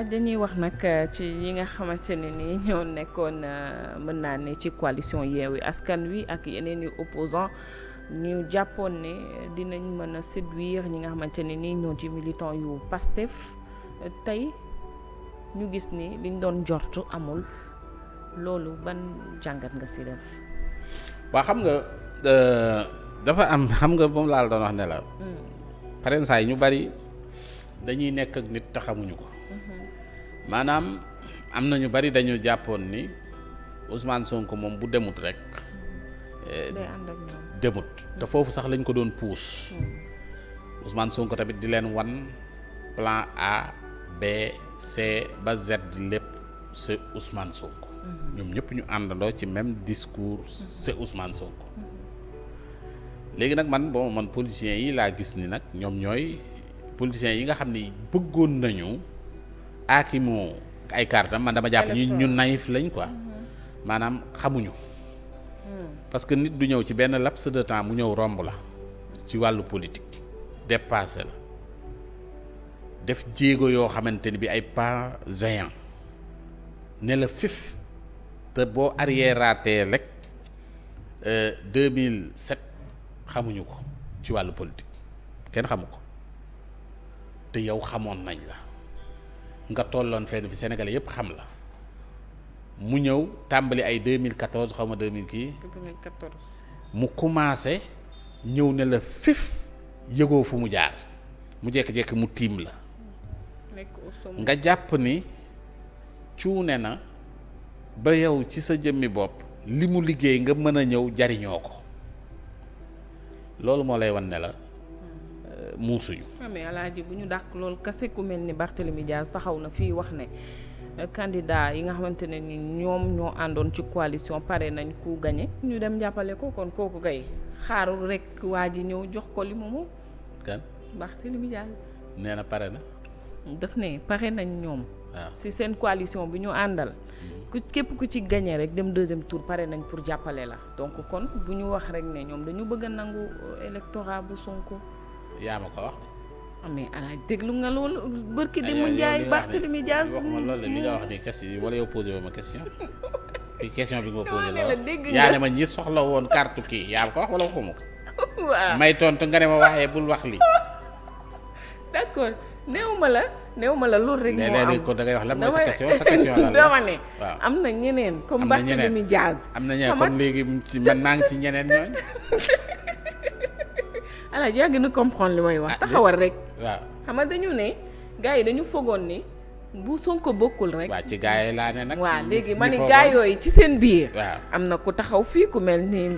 dañuy wax nag euh, ci yi nga xamante ne ni ñoo nekkoon euh, mën naa ne ci coalition Yewwi Askan Wi ak yeneen i opposant ñu jàppoon ne dinañ mën a séduire ñi nga xamante ne ni ñoo ci militant yu Pastef tey ñu gis ni liñ doon jortu amul loolu ban jàngat nga si def. waa xam nga euh, dafa am xam nga moom laal doon wax ne la. Mm. parrainage ñu bari dañuy nekk ak nit taxamuñu ko. Mm-hmm. maanaam am na ñu bari dañu jàppoon ni Ousmane Sonko moom bu demut rek. Eh, demut te foofu sax lañ ko doon puus. Hmm. Ousmane Sonko tamit di leen wan plan A B C ba Z lépp c'est Ousmane Sonko. Hmm. ñoom ñëpp ñu àndandoo ci même discours hmm. c'est Ousmane Sonko. léegi nag man bon man politiciens yi laa gis ni nag ñoom ñooy politiciens yi nga xam ni bëggoon nañu. aakimu ay kartam man dama jàpp ñu ñu naïf lañ quoi mhm. maanaam xamuñu hmm. parce que nit du ñëw ci benn laps de temps mu ñëw romb la ci wàllu politique dépassé la def jéego yoo xamante ni bi ay pas géant ne la fif te boo arriéraatee rek 2007 euh, xamuñu ko ci wàllu politique kenn xamu ko te yow xamoon nañ la nga tolloon fenn fi Sénégalais yëpp xam la mu ñëw tàmbali ay 2014 xaw ma 2000 kii. 2014 mu commencé ñëw ne la fif yëgoo fu mu jaar mu jékki-jékki mu tiim la. nga jàpp ni cuune na ba yow ci sa jëmmi bopp li mu liggéey nga mën a ñëw jariñoo ko loolu moo lay wan ne la. muusuñu. Ah, mais alaaji bu ñu dàq loolu kase ku mel ni Barthélemy Diaz taxaw na fii wax ne euh, candidat yi nga xamante ne ni ñoom ñoo àndoon ci coalition pare nañ ku gañe ñu dem jàppale ko kon kooku gay xaarul rek waa ji ñëw jox ko li mu moom. kan Barthélemy Diaz. nee na pare na. daf ne pare nañ ñoom. Ah. si seen coalition bi ñu àndal. Mm-hmm. ku képp ku ci gagné rek dem deuxième tour pare nañ pour jàppale la donc kon bu ñu wax rek ne ñoom dañu bëgg a nangu euh, électorat bu Sonko. yaa ma ko wax. Ah, mais alaay déglu nga loolu bërki di mu njaay Barthélemy Dias wax li nga wax ni question wala yow posé ma question bi question bi nga posé la yaa ne ma ñi soxla woon carte kii yaa ma ko wax wala waxuma ko waaw may tontu nga ne ma waxee bul wax li d'accord néew ma la néew ma la loolu rek moo am da ngay wax lan mooy sa question sa question la dama ne waaw am na ñeneen comme Barthélemy Dias am na ñeneen kon léegi man naa ngi ci ñeneen ñooñ Alaaji yaa gën a comprendre li may wax. Ah, taxawal rek. waaw xam nga dañu ne gars yi dañu fogoon ni bu Sonko bokkul rek. waa ci gars yi laa ne nag. waaw léegi ma ni gars yooyu ci seen biir. am na ku taxaw fii ku mel ni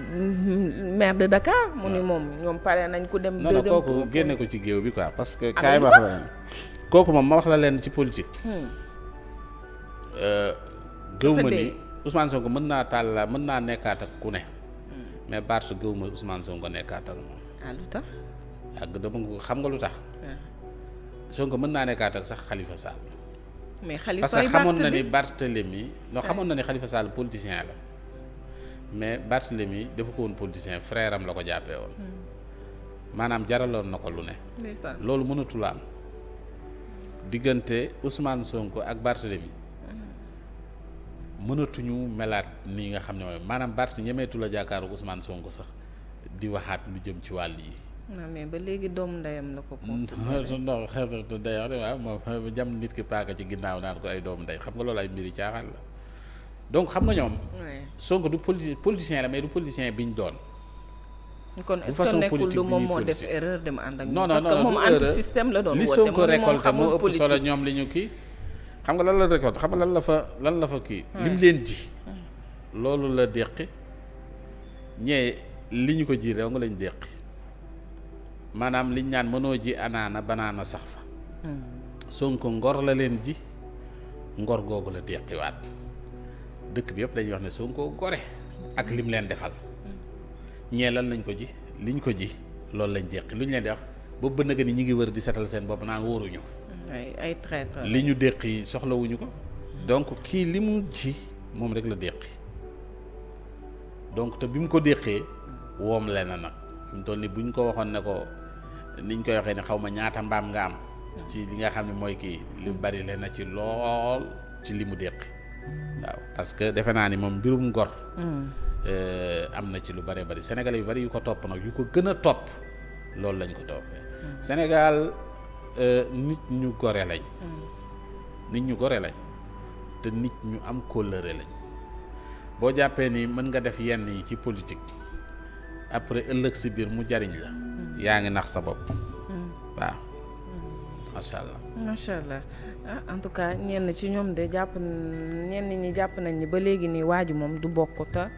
maire de Dakar. mu ni moom ñoom pare nañ ko dem. deuxième non kooku génne ko ci géew bi quoi parce que. Ah, kaay ma wax kooku moom ma wax la leen ci politique. Hmm. Euh, gëw ma ni Ousmane Sonko mën naa tàll mën naa nekkaat ak ku ne. Hmm. mais Barth gëw ma Ousmane Sonko nekkaat ak moom. ah lu tax. ak dama ko xam nga lu tax. Ah. Sonko mën naa nekkaat ak sax xalifa Sall. mais Khalifa parce que xamoon na ni Barthélemy. non xamoon na ni Khalifa Sall politicien la mais Barthélemy dafa ko woon politicien frère la ko jàppee woon. Hmm. maanaam jaraloon na ko lu ne. loolu mënatul diggante Ousmane Sonko ak Barthélemy hmm. mënatuñu melaat nii nga xam ne mooy maanaam Barth ñemeetu la jàkkaaru Ousmane Sonko sax. di waxaat lu jëm ci wàll yi. non mais ba léegi doomu ndeyam la ko. constaté non xeetu ndeyam waaw moom jam nit ki paaka ci ginnaaw naan ko ay doomu ndey xam nga loolu ay nga du politi politicien la mais du politicien bi ñu doon. kon est-ce que nekkul du moom moo def erreur dem ànd ak non non parce que moom anti système la doon woote li Sonko récolté moo ëpp solo ñoom li ñu kii. xam nga lan la récolté xam nga lan la fa lan la fa kii. lim leen ji. la déqi li ñu ko ji réew nga lañ déqi maanaam liñ naan mënoo ji anaana banaana sax fa hmm. Sonko ngor la leen ji ngor googu la déqiwaat dëkk bi yëpp dañuy wax ne Sonko gore ak lim leen defal hmm. ñee lan nañ ko ji liñ ko ji loolu lañ déqi lu ñu leen di wax boobu ba nëgë ni ñu ngi wër di setal seen bopp naan wóoruñu hmm. ay ay li ñu déqi soxlawuñu ko donc kii li mu ji moom rek la déqi donc te bi mu ko déqee woom le na nag fi mu toll ni buñ ko waxoon ne ko niñ koy waxee ne xaw ma ñaata mbaam nga am ci li nga xam ne mooy kii li mm. bari le na ci lool ci li mu déq waaw parce que defe naa ni moom mbirum ngor mm. eh, am na ci lu bëree bari sénégalais yu bari yu ko topp nag yu ko gën a topp loolu lañ ko toppee mm. sénégal eh, nit ñu gore lañ nit ñu gore lañ te nit ñu am kóllëre lañ boo jàppee ni mën nga def yenn yi ci politique après ëllëg si biir mu jariñ la hmm. yaa ngi nax sa bopp hmm. waaw hmm. macha allah macha allah ah en tout cas ñenn ci ñoom de jàpp ñenn ñi jàpp nañ ni ba léegi nii waa ji moom du bokk te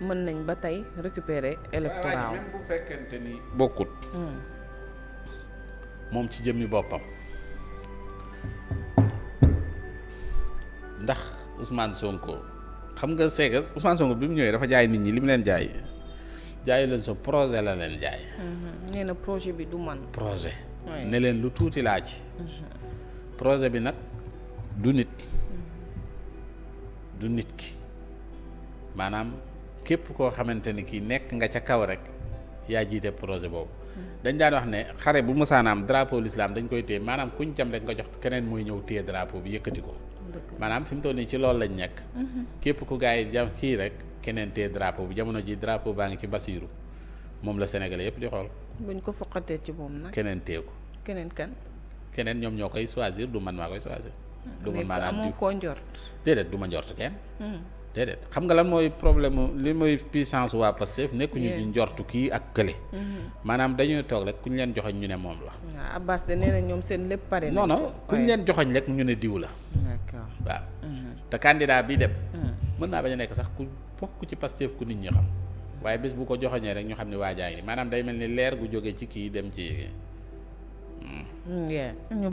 mën nañ ba tey récupérer électorat bokkut moom ci jëmmi boppam ndax Ousmane Sonko xam nga seega Ousmane Sonko bi mu ñëwee dafa jaay nit ñi li mu leen jaay jaayu leen sa projet la leen jaay. Mhm. nee na projet bi du man. projet. ne leen lu tuuti laa ci. Mhm. projet bi nag du nit. Mhm. du nit ki maanaam képp koo xamante ni kii nekk nga ca kaw rek yaa jiite projet boobu. dañ daan wax ne xare bu musaanaam drapeau lislaam dañ koy téye maanaam kuñ jam rek nga jox keneen muy ñëw téye drapeau bi yëkkati ko. maanaam fi mu toll nii ci loolu lañ nekk. képp ku gars yi jam kii rek. keneen tee drapeau bi jamono ji drapeau baa ngi ci Basiiru moom la Sénégalais yëpp di xool. ba buñ ko foqatee ci moom nag. keneen tee keneen kan. keneen ñoom ñoo koy choisir du man maa koy choisir. du ma maanaam amoo koo njort. déedéet du ma njort ken hmm. déedéet xam nga lan mooy problème li mooy puissance waa Pastef nekkuñu ñu njortu kii ak kële. Hmm. maanaam dañuy toog rek ku ñu leen joxoñ ñu ne moom la. waaw Abbas de nee na ñoom seen lépp pare. non ku ñu leen joxoñ rek ñu ne diw la. d'accord hmm. a nekk bokk ci Pastef ku nit ñi xam waaye bés bu ko joxoñee rek ñu xam ne waajaa ngi maanaam day mel ni leer gu jóge ci kii dem ci